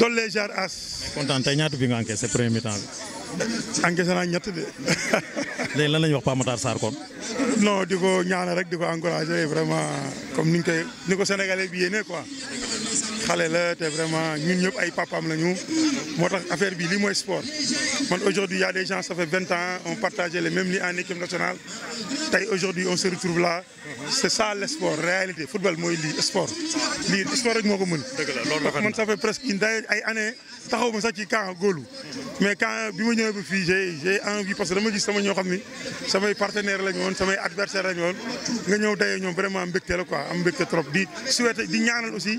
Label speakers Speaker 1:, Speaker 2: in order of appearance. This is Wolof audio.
Speaker 1: dolle jaar as. kontaan tey ñaata bi nga encaissé premier mi-temps
Speaker 2: bi. encaissé naa ñett de.
Speaker 1: léegi lan la ñuy wax Pape Matar Sarr
Speaker 2: non di ko ñaanal rek di ko encouragé vraiment comme ni ñu koy ni ko Sénégalais bi yéene quoi. xale la te vraiment ñun ñëpp ay papaam la ñu moo tax affaire bi lii mooy sport man aujourd'hui y a des gens ça fait 20 ans on partageait les mêmes lits en équipe nationale tey aujourd'hui on se retrouve là c'est ça l'esport, réalité football mooy lii sport lii sport rek moo ko mën man ça fait presque une day ay année taxaw ma sax ci camp góolu mais quand bi ma ñëwee j'ai j'ai envie parce que dama gis sama ñoo xam ni samay partenaire la ñu woon adversaire la ñu woon nga ñëw dayee ñoom vraiment mbégte la quoi am mbégte trop di souhaiter di ñaanal aussi